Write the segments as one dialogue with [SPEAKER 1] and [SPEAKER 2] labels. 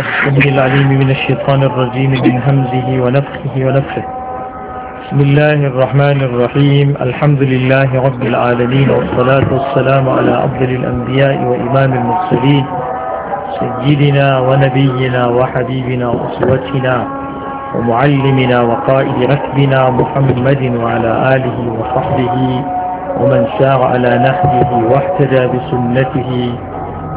[SPEAKER 1] الله العليم من الشيطان الرجيم من همزه ونفخه ونفخه بسم الله الرحمن الرحيم الحمد لله رب العالمين والصلاة والسلام على أفضل الأنبياء وإمام المرسلين سيدنا ونبينا وحبيبنا وأسوتنا ومعلمنا وقائد ركبنا محمد وعلى آله وصحبه ومن سار على نهجه واحتدى بسنته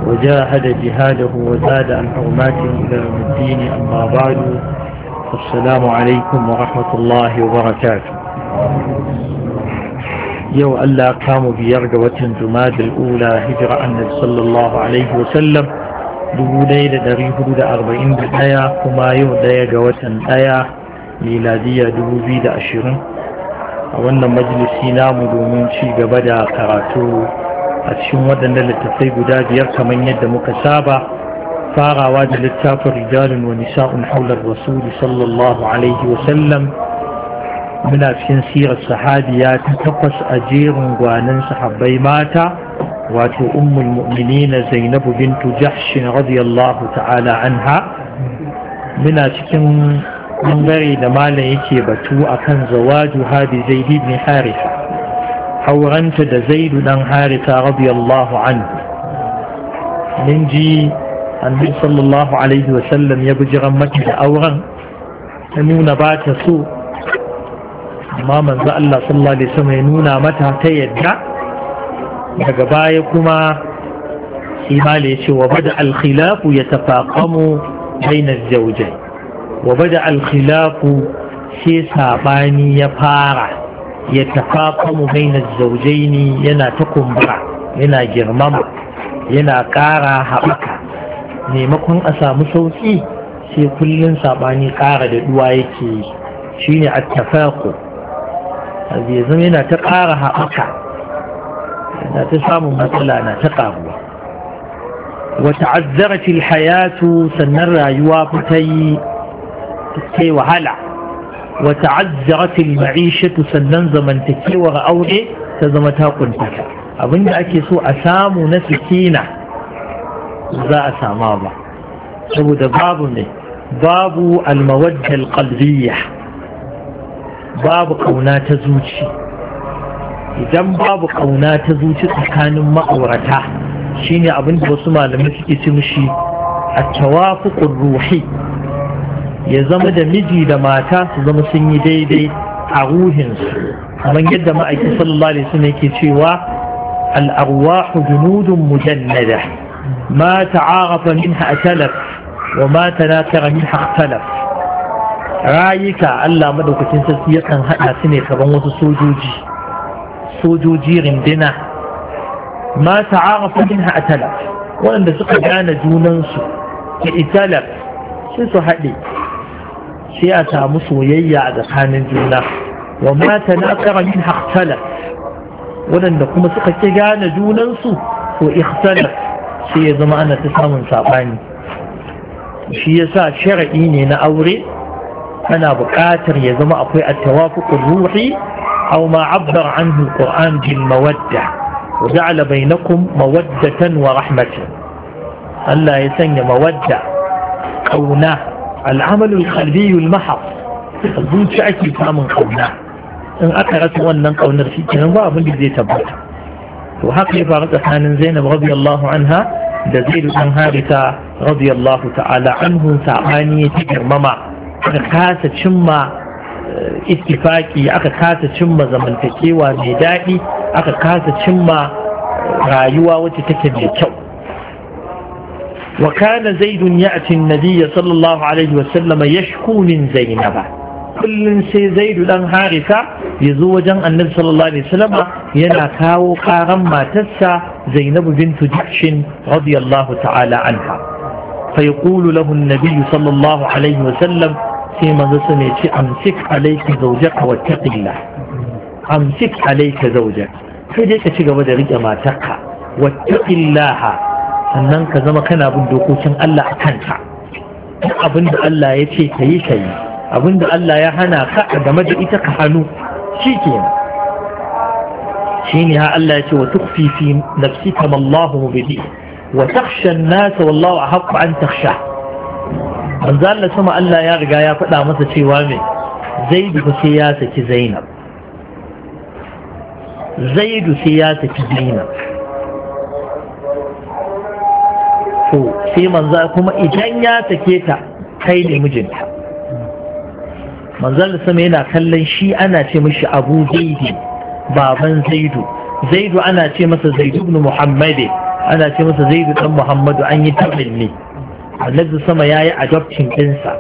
[SPEAKER 1] وجاهد جهاده وزاد عن حرماته إلى الدين أما بعد السلام عليكم ورحمة الله وبركاته يو ألا قاموا بيرقوة جماد الأولى هجرة النبي صلى da ɗari hudu da arba'in da ɗaya kuma yau ɗaya ga watan ɗaya miladiya dubu biyu da ashirin a wannan majalisi namu domin ci gaba da karatu a cikin waɗannan littattafai guda biyar kamar yadda muka saba farawa da littafin rijalun wa nisa'un haular rasuli sallallahu alaihi wasallam muna cikin sirar sahabiya ta takwas a jerin gwanin sahabbai mata wato ummul na zainabu bintu jahshin radiyallahu ta'ala anha muna cikin ɓangare da malam yake batu akan zawaju hadi zaid ibn auranta da zaidu dan harita radiyallahu anhu min ji annabi sallallahu alaihi sallam ya bujiran mata da auren ta nuna ba ta so amma manzo Allah sallallahu alaihi wasallam ya nuna mata ta yadda daga baya kuma imali ya ce wa bada alkhilafu ya tafaqamu baina zawjayn wa bada alkhilafu sai sabani ya fara ya tafafamu bainar ne yana ta kumbura yana girmama yana ƙara haɓaka maimakon a samu sauƙi sai kullum saɓani ƙara da duwa yake shi ne a tafaku zama yana ta ƙara haɓaka yana ta samun matsala na ta ƙaruwa wata azzara hayatu sannan rayuwa ta yi wahala وتعذرت المعيشة سنن زمن تكيور أوري تزمتها قلتك أبن دعكي سوء أسام نسكينة ذا أسام الله سبود باب باب المودة القلبية باب قونا تزوجي idan babu kauna ta zuci tsakanin ma'aurata shine abin da wasu malamai suke ci mishi a tawafuqur ruhi ya zama da miji da mata su zama sun yi daidai a ruhinsu kamar yadda ma'aiki sallallahu alaihi wasallam yake cewa al-arwahu junudun mujannada ma ta'arafa minha atalaf wa ma tanakara minha ikhtalaf rayuka Allah madaukakin sarki kan hada su ne kaman wasu sojoji sojoji rindina ma ta'arafa minha atalaf waɗanda suka gane junansu da italaf sai su haɗe sai a samu soyayya a tsakanin juna wa ma tanaqara min haqtala wadanda kuma suka ki gane junan su to ikhtala sai ya zama ana ta samun sabani shi yasa shar'i ne na aure ana buƙatar ya zama akwai at-tawafuqur ruhi aw ma 'abbara anhu al-Qur'an bil mawadda وجعل بينكم مودة ورحمة الله يسني مودة قونا al'amalul qalbiyul mahab zuci ake samun kauna in aka rasa wannan kaunar shi kenan ba abin da zai tabbata to haka ya faru tsakanin Zainab radiyallahu anha da Zaid dan Harisa radiyallahu ta'ala anhu sabani ya ci girmama aka kasa cimma eh, ittifaki aka kasa cimma zamantakewa mai daɗi aka kasa cimma eh, rayuwa wacce take mai kyau وكان زيد يأتي النبي صلى الله عليه وسلم يشكو من زينب كل سي زيد دان حارثة يزوج النبي صلى الله عليه وسلم ينا كاو قارن ما تسا زينب بنت جحش رضي الله تعالى عنها فيقول له النبي صلى الله عليه وسلم في مدرسة أمسك عليك زوجك واتق الله أمسك عليك زوجك كيف تشيك بدرجة ما تقع واتق الله sannan ka zama kana bin dokokin Allah a kanta abin da Allah ya ce ka yi ka yi abin da Allah ya hana ka a game da ita ka hannu shi kenan shi ne ha Allah ya ce wa tukfi fi nafsi mallahu mu mubidi wa takhsha nasa nas a ahqqu an takhsha manzo Allah sama Allah ya riga ya faɗa masa cewa me Zaidu fa sai ya saki Zainab Zaidu sai ya saki Zainab to sai manza kuma idan ya take ta kai ne mijinta manzan da sama yana kallon shi ana ce mishi abu zaidi baban zaidu zaidu ana ce masa zaidu ibn muhammadi ana ce masa zaidu dan muhammadu an yi tabin ne annabi sama ya yi adoptin ɗinsa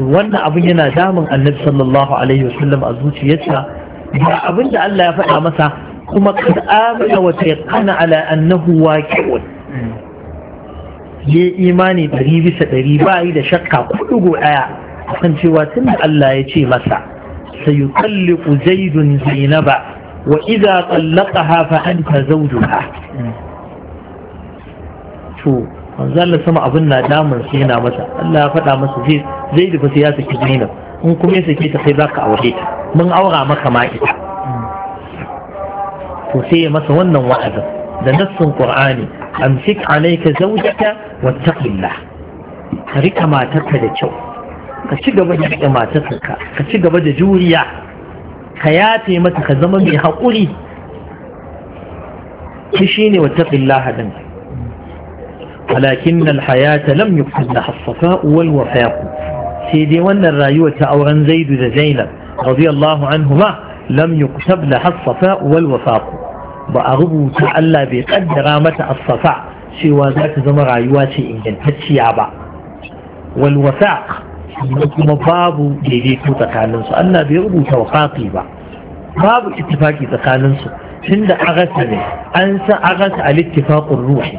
[SPEAKER 1] wannan abin yana damun annabi sallallahu alaihi wasallam a zuciyarsa ba abin da Allah ya faɗa masa kuma kad amina wa taqana ala annahu waqi'un ya imani ɗari bisa ɗari ba yi da shakka kuɗugu ɗaya akan cewa tun da Allah ya ce masa sayukalliku zaidun zainaba wa idza qallaqaha fa anta zawjuha to manzo Allah sama abin na damun sai yana masa Allah ya faɗa masa zai zaidu fa sai saki zainab in kuma ya sake ta sai zaka aure ta mun aura maka ma ita تحي مثلا ون وعد ده نص قرآني أمسك عليك زوجك واتق الله ريك ما تتكد شو كشيك بدا ريك ما تتكد كشيك بدا جوريا حياتي مثل خزمان بي حقولي تشيني واتق الله دن ولكن الحياة لم يكتب لها الصفاء والوفاء سيدي ون الرايوة أو عن زيد زينب رضي الله عنهما lam yuktab laha as-safa wal ba a rubuta Allah bai kaddara mata as-safa cewa za zama rayuwa ce ingantacciya ba wal wafaq kuma babu daidaito tsakanin su Allah bai rubuta wafaqi ba babu ittifaqi tsakanin su tunda agasa ne an san agasa al-ittifaqur ruhi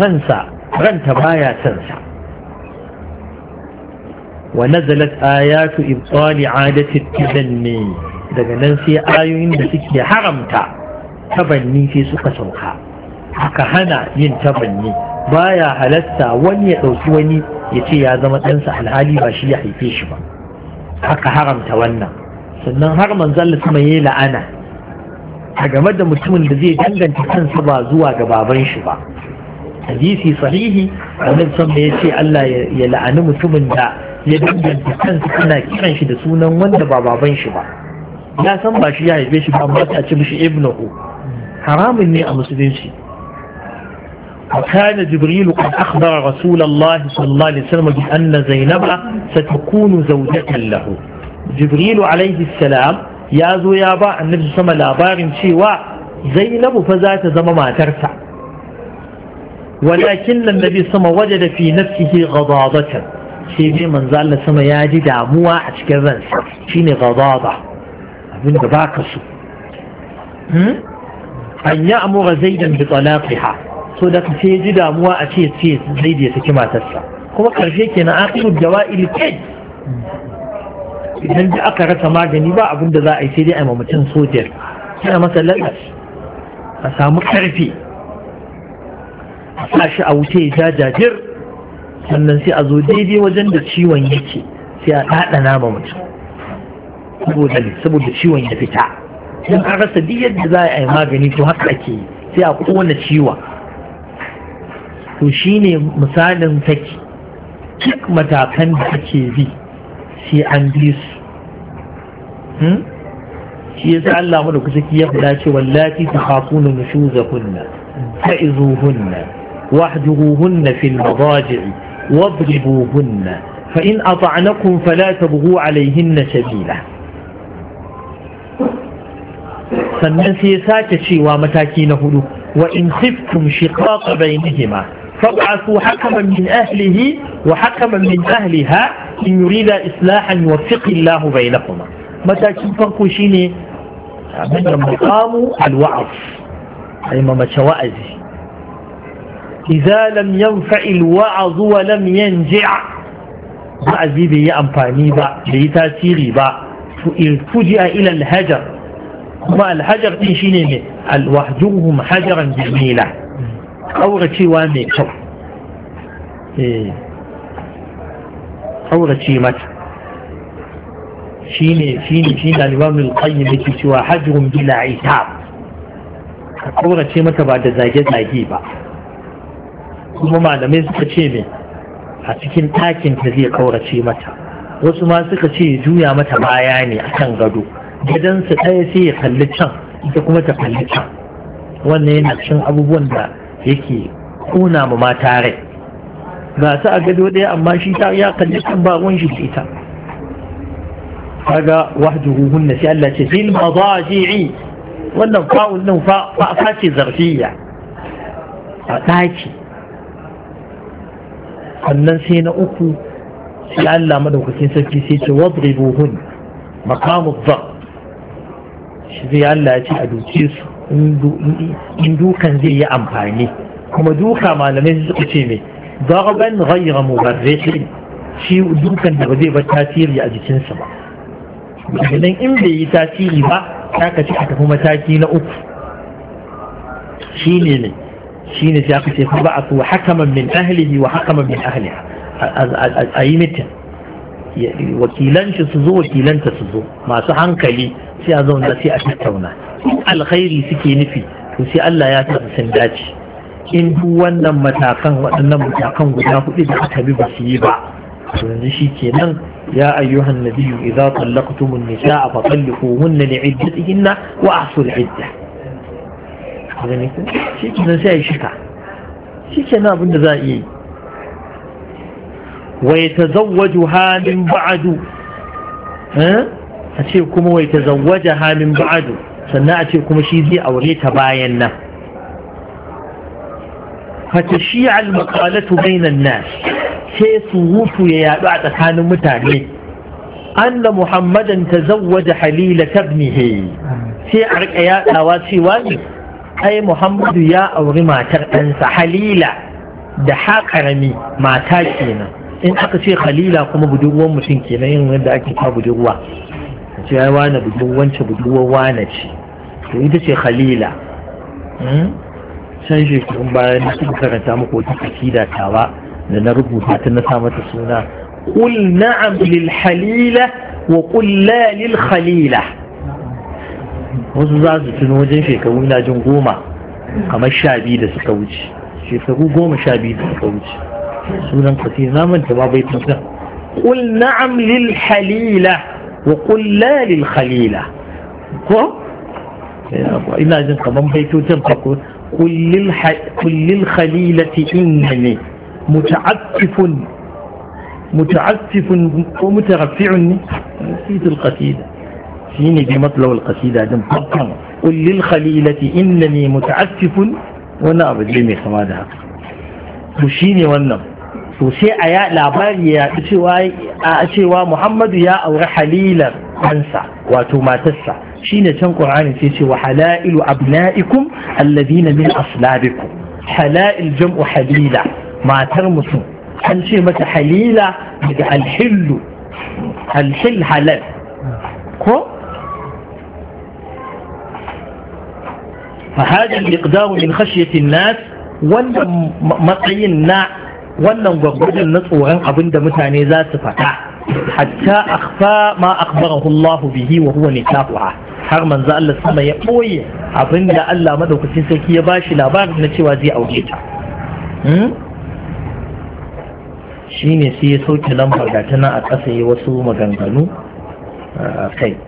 [SPEAKER 1] ransa ranta baya san sa wa nazalat ayatu ibtali adati tabanni daga nan sai ayoyin da suke haramta tabanni sai suka sauka aka hana yin tabanni baya halatta wani ya ɗauki wani ya ce ya zama ɗansa alhali ba shi ya haife shi ba aka haramta wannan sannan har manzon sama ya la'ana a game da mutumin da zai danganta kansa ba zuwa ga baban shi ba hadisi sahihi annabi sama ya ce Allah ya la'ani mutumin da ya danganta kansa ana kiran shi da sunan wanda ba baban shi ba ya san ba shi ya haife shi ba amma ta ci mishi ibnahu haramun ne a musulunci وكان جبريل قد أخبر رسول الله صلى الله عليه وسلم بأن زينب ستكون زوجة له جبريل عليه السلام يا زو يا با النبي صلى الله عليه وسلم بارن شيوا زينب فذات زم ما ترسع ولكن النبي صلى الله عليه وسلم وجد في نفسه غضاضة sai dai manzo Allah sama ya ji damuwa a cikin ransa shine ghadaba abin da baka so hmm? an ya amura zaidan bi talaqiha so da ka sai ji damuwa a ce sai zaid ya saki matarsa kuma karshe kenan akhiru dawail kai idan da aka rasa magani ba abin da za a yi sai dai a ma mutum sojar sai a masa lalas a samu karfi a sa shi a wuce jajajir sannan sai a zo daidai wajen da ciwon yake sai a ɗaɗa nama mutum saboda saboda ciwon ya fita in an rasa duk yadda za a yi magani to haka ake sai a kowane ciwon to shi ne misalin take duk matakan da ake bi sai an bi su hmm? shi ya sa Allah mana kusa ki ya fada ce wallati ta hafuna nushuza kunna fa'izuhunna wahjuhuhunna fil madaji'i واضربوهن فإن أطعنكم فلا تبغوا عليهن سبيلا فالناس يساك شوى متاكين هدو وإن خفتم شقاق بينهما فابعثوا حكما من أهله وحكما من أهلها إن يريد إصلاحا يوفق الله بينهما متاكين فانكوشيني من مقام الوعظ أي ما متواعزي idza lam yanfa'i alwa'z wa lam yanji' wa'azi bai yi amfani ba bai yi tasiri ba fuji'a ila alhajar kuma alhajar din shine ne alwahjuhum hajaran jamila kauracewa mai kyau eh kaurace mata shine shine shine al-imam al-qayyim yake cewa hajrun bila itab kaurace mata ba da zage zage ba kuma malamai suka ce mai a cikin takin ta zai kaurace mata wasu ma suka ce juya mata baya ne a kan gado gidansa ɗaya sai ya kalli can ita kuma ta kalli can wannan yana cikin abubuwan da yake kuna ma mata rai ga ta a gado ɗaya amma shi ta ya kalli can ba ruwan shi ita kaga ruhun sai Allah ce fil madaji'i wannan fa'ul nan fa fa ce zarfiya a ɗaki sannan sai na uku sai Allah madaukakin sarki sai ce wadribuhun maqamud dhab shi zai Allah ya ce a duke su in dukan zai yi amfani kuma duka malamai suka ce me ضربا ghayra مبرح shi dukan da ba zai bar tasiri a jikinsa ba idan in bai yi tasiri ba ta ka ci a tafi mataki na uku shi ne ne shine sai aka ce fa ba'athu hakaman min ahlihi wa hakaman min ahliha a yi mitin su zo wakilanta su zo masu hankali sai a zauna sai a tattauna alkhairi suke nufi to sai Allah ya sa sun dace in duk wannan matakan waɗannan matakan guda hudu da aka bi ba su yi ba to yanzu shi kenan ya ayyuhan nabiyyu idza tallaqtumun nisaa fa talliquhunna li'iddatihinna wa ahsul iddah a za a iya wai ta zawaju halin ba'adu sannan a ce kuma shi zai aure ta bayan nan shi al-makwalatu bainan nas sai su rufu ya yadu a tsakanin mutane an da muhammadan ta zawaja halila ta sai a rika yadawa cewa ne ai muhammadu ya auri matar ɗansa halila da ha mata kenan in aka ce halila kuma budurwar mutum kenan yin wanda ake ta budurwa ce ya wane budurwance budurwar wane ce to ita ce halila san hmm? shekarun bayan da suka karanta muku wata kasida tawa da na rubuta ta na sa mata suna قل wa للحليلة وقل lil Khalila. wasu za su tuno wajen shekaru ina jin goma kamar sha biyu da suka wuce shekaru goma sha biyu da suka wuce sunan kasir na manta ma bai tuntun wa نعم la lil لا ko ina jin kaman baitocin farko kullil khalilati innani muta'attifun muta'attifun ko mutaraffi'un ne fi tilqasida shine bi matlawul qasida din farkon qul lil khalilati innani muta'affifun wannan abu ne mai kama da haka to shine wannan to sai a ya labari ya cewa a cewa Muhammadu ya aure halilar ansa wato matarsa shine can Qur'ani sai ce wa halailu abna'ikum alladhina min aslabikum halail jam'u halila matar mutum an ce mata halila daga ko فهذا المقدار من خشية الناس wannan matsayin na wannan gwagwajen na tsoron abinda mutane za su faɗa hatta akhfa ma akhbarahu Allah bihi wa huwa nikahuha har manzo Allah sama ya boye abin da Allah madaukakin sarki ya bashi labarin na cewa zai aure ta shine sai ya sauke lambar tana a ƙasa ya wasu maganganu kai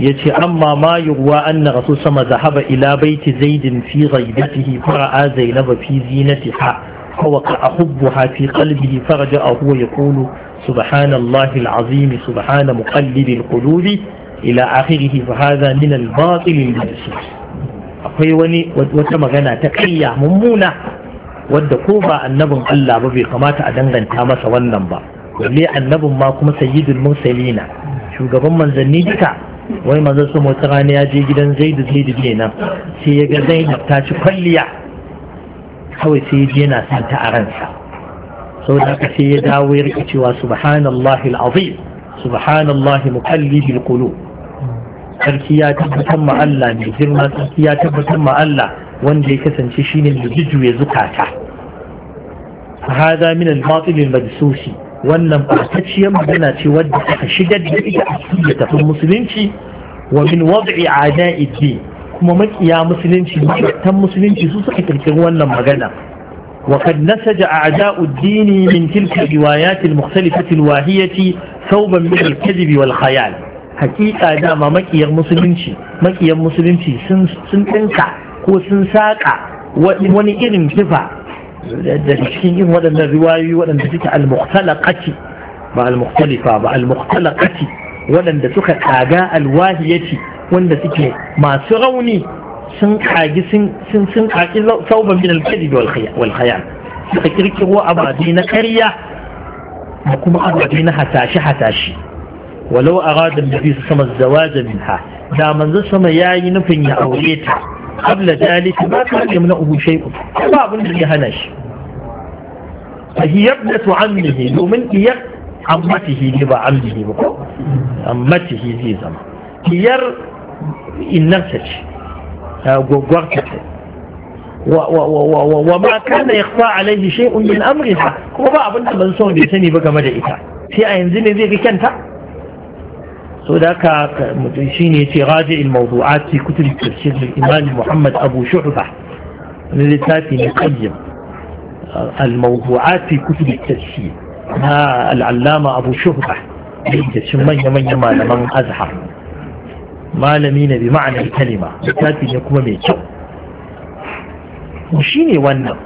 [SPEAKER 1] ce amma ma yuwa anna rasu sama zahaba ila baiti zaidin fi ghaibatihi fara'a zainaba fi zinatiha فوقع faraja في قلبه فرجع هو يقول سبحان الله العظيم سبحان مقلب القلوب إلى آخره فهذا من الباطل المنسوخ akwai wani wata magana ta kayya mummuna wadda ko ba annabin Allah ba bai kamata a danganta masa wannan ba balle annabin ma kuma sayyidul mursalina shugaban manzanni duka wai manzo su mota rana ya je gidan zaidu zaidu kenan sai ya ga zainab ta ci kwalliya kawai sai ya je yana son ta a ransa sau da aka sai ya dawo ya rika cewa subhanallahi al'azim subhanallahi muqallibil qulub sarki ya tabbatar ma Allah mai girma sarki ya tabbatar ma Allah wanda ya kasance shine mai jujjuya zukata hada min al-batil al-majsusi wannan barkaciyar magana ce wadda aka shigar da ita a cikin da tafin musulunci wa min wadda'i a da'idi kuma makiya musulunci makiyattan musulunci su suka kirkiri wannan magana wa kad nasaja a'da'u ad-dini min tilka riwayat al-mukhtalifah al-wahiyah thawban min al-kadhib wal-khayal hakika da ma makiyar musulunci makiyar musulunci sun sun ko sun saƙa wani irin kifa daga cikin yin waɗannan riwayoyi waɗanda suke al-muqtalaqati ba al-muqtalifa ba al-muqtalaqati waɗanda suka kaga alwahiyati wanda suke masu rauni sun kagi sun sun kagi sauban min al-kadhib wal khayal suka kirkiro ababe na ƙarya da kuma ababe na hatashi hatashi walau arada nabi sama zawaja minha da manzo sama yayi nufin ya aure ta qabla dalika ma kana yamna'uhu shay'un ba abin da ya hana shi fa hiya ibnatu ammihi domin diyar ammatihi ne ba ammihi ba ko zai zama وما كان يخفى عليه شيء من أمرها كما بقى أبنت من سون بيسني بقى مدى في أين زيني زي كنتا هناك مدرسين يتراجع الموضوعات في كتب التفسير للإمام محمد أبو شعبة لذاتي نقيم الموضوعات في كتب التفسير ها العلامة أبو شعبة من يمن من أزهر ما لمين بمعنى الكلمة لذاتي نقوم بيتو مشيني وانا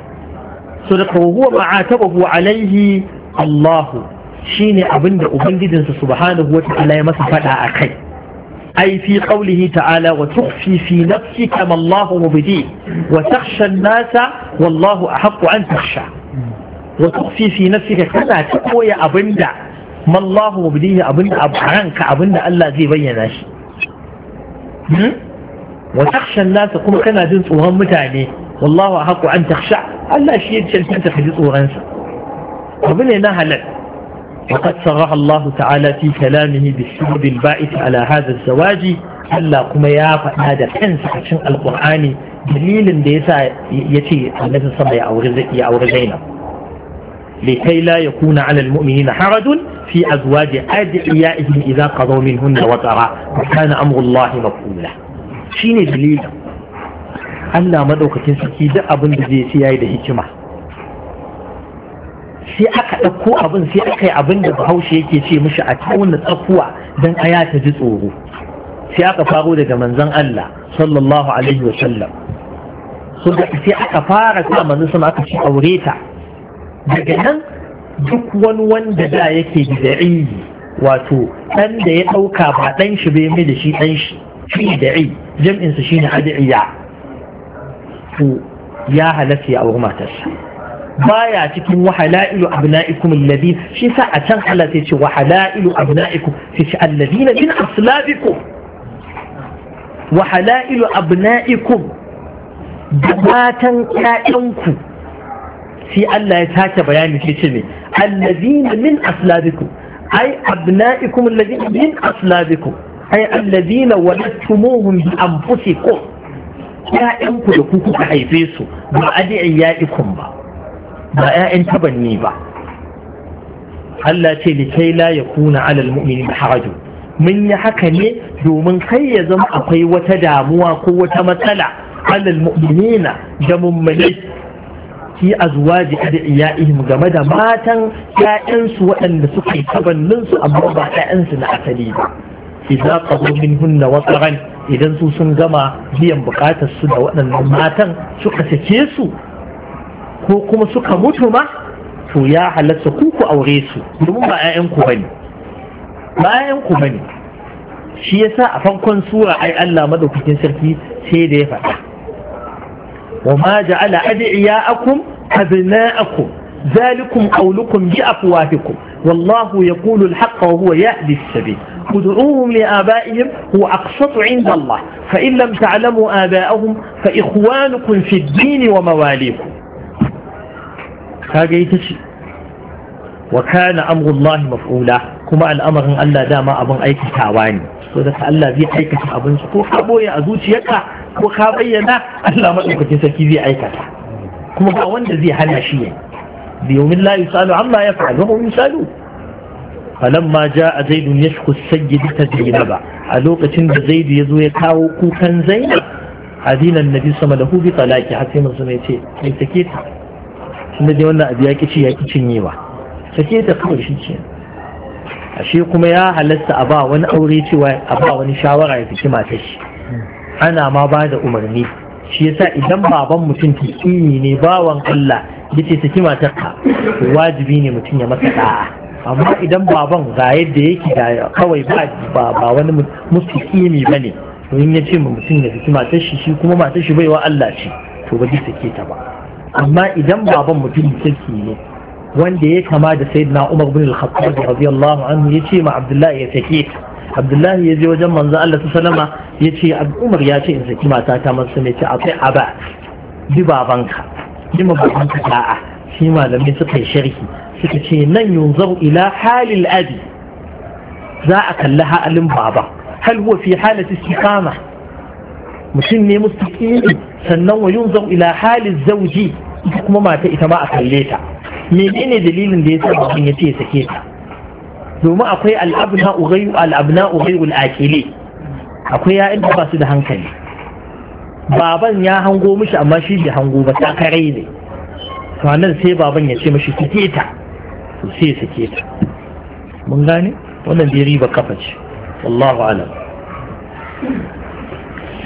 [SPEAKER 1] صدقه هو ما عاتبه عليه الله shine abin da ubangijinsa subhanahu wa ta'ala ya masa faɗa a kai ai fi qawlihi ta'ala wa tukhfi fi nafsika ma Allahu mubdi wa takhsha nasa wallahu a ahaqqu an takhsha wa tukhfi fi ka kana ta koya abinda ma Allahu mubdi abinda abharanka abinda Allah zai bayyana shi hmm? wa takhsha nasa kuma kana jin tsoron mutane wallahu a ahaqqu an takhsha Allah shi ya cancanta ka ji tsoronsa. sa abu ne na halal وقد صرح الله تعالى في كلامه بالسبب البائس على هذا الزواج ألا قم يا هذا كنس عشان القرآن دليل ديسا يتي النبي صلى الله عليه وسلم لكي لا يكون على المؤمنين حرج في أزواج أدعيائهم إذا قضوا منهن وترى وكان أمر الله مفهولا شيني دليل ألا مدوكة سكي دعب بزيسي هيدا هكما sai aka ɗauko abin sai aka yi abin da bahaushe yake ce mishi a tauna tsakuwa don aya ta ji tsoro sai aka faro daga manzon Allah sallallahu alaihi wa sallam sai aka fara sa manzon sama aka ci aure ta daga nan duk wani wanda da yake da'i wato dan da ya ɗauka ba ɗan shi bai mai da shi ɗan shi shi da'i jam'insa shine adiya to ya halatta ya auri matarsa baya cikin wahalailu abna'ikum alladhi shi sa a can Allah sai ce wahalailu abna'ikum sai ce alladhina min aslabikum wahalailu abna'ikum da matan ƴaƴanku sai Allah ya sake bayani sai ce me alladhina min aslabikum ai abna'ikum alladhina min aslabikum ai alladhina waladtumuhum bi anfusikum ƴaƴanku da ku ka haife su ba adi'in ya'ikum ba ba 'ya'yan tabanni ba Allah ce likai la ya kuna alal da haraju mun yi haka ne domin kai ya zama akwai wata damuwa ko wata matsala alal na da a zuwa da adiyaihim game da matan 'ya'yansu waɗanda suka yi tabanninsu su amma ba 'ya'yansu na asali ba idza qadu minhunna wasaran idan su sun gama biyan bukatar su da waɗannan matan suka sake su ko kuma suka mutu ma to ya halatta ku ku aure su domin ba 'ya'yanku bane ba 'ya'yanku bane shi yasa a farkon sura ai Allah madaukakin sarki sai da ya faɗa wa ma ja'ala adiyakum abna'akum zalikum qawlukum bi ذلكم قولكم بأفواهكم والله يقول الحق وهو يهدي السبيل ادعوهم لآبائهم هو أقسط عند الله فإن لم تعلموا آباءهم فإخوانكم في الدين ومواليكم kaga ita ce wa kana amrullahi maf'ula kuma al'amarin Allah dama abin aikatawa ne so da Allah zai aikata abin ko ka boye a zuciyarka ko ka bayyana Allah madaukakin sarki zai aikata kuma ba wanda zai hana shi ne biyomin la yusalu amma ya fa'alu hum yusalu فلما جاء زيد يشكو السيد تزينب ألوك تند زيد يزو يكاو كوكا زينب أذين النبي صلى الله عليه وسلم له بطلاقها حتى من سميته من سكيتها tunda dai wannan abu ya kici ya ki cinye ba sake ta kawai shi a ashe kuma ya halatta a ba wani aure cewa a ba wani shawara ya fiki mata shi ana ma ba da umarni shi yasa idan baban mutum tikini ne bawan Allah yace saki matar ka wajibi ne mutum ya masa da'a amma idan baban ga yadda yake da kawai ba ba wani musulmi bane in yace mutum ya fiki mata shi shi kuma mata shi baiwa Allah ce to ba ji sake ta ba amma idan baban mutum kirki ne wanda ya kama da sayyidina Umar bin Al-Khattab radiyallahu anhu yace ma Abdullahi ya sake ta Abdullahi ya je wajen manzo Allah ta salama yace Umar ya ce in saki mata ta manzo ne ce akai aba bi babanka bi babanka da'a shi malamai suka yi sharhi suka ce nan yunzaru ila halil abi za a kalli halin baba hal huwa fi halati istiqama mutum ne mustaqimi sannan wa yunzar ila halin zauji ita kuma mata ita ma a kalle ta menene dalilin da yasa mutum ya ce ya sake ta domin akwai al'abna ughayyu al'abna ughayyu al'aqili akwai ya'yan da ba su da hankali baban ya hango mishi amma shi bai hango ba ta kare ne to nan sai baban ya ce mishi sake ta to sai sake ta mun gane wannan bai riba kafa ce wallahu alam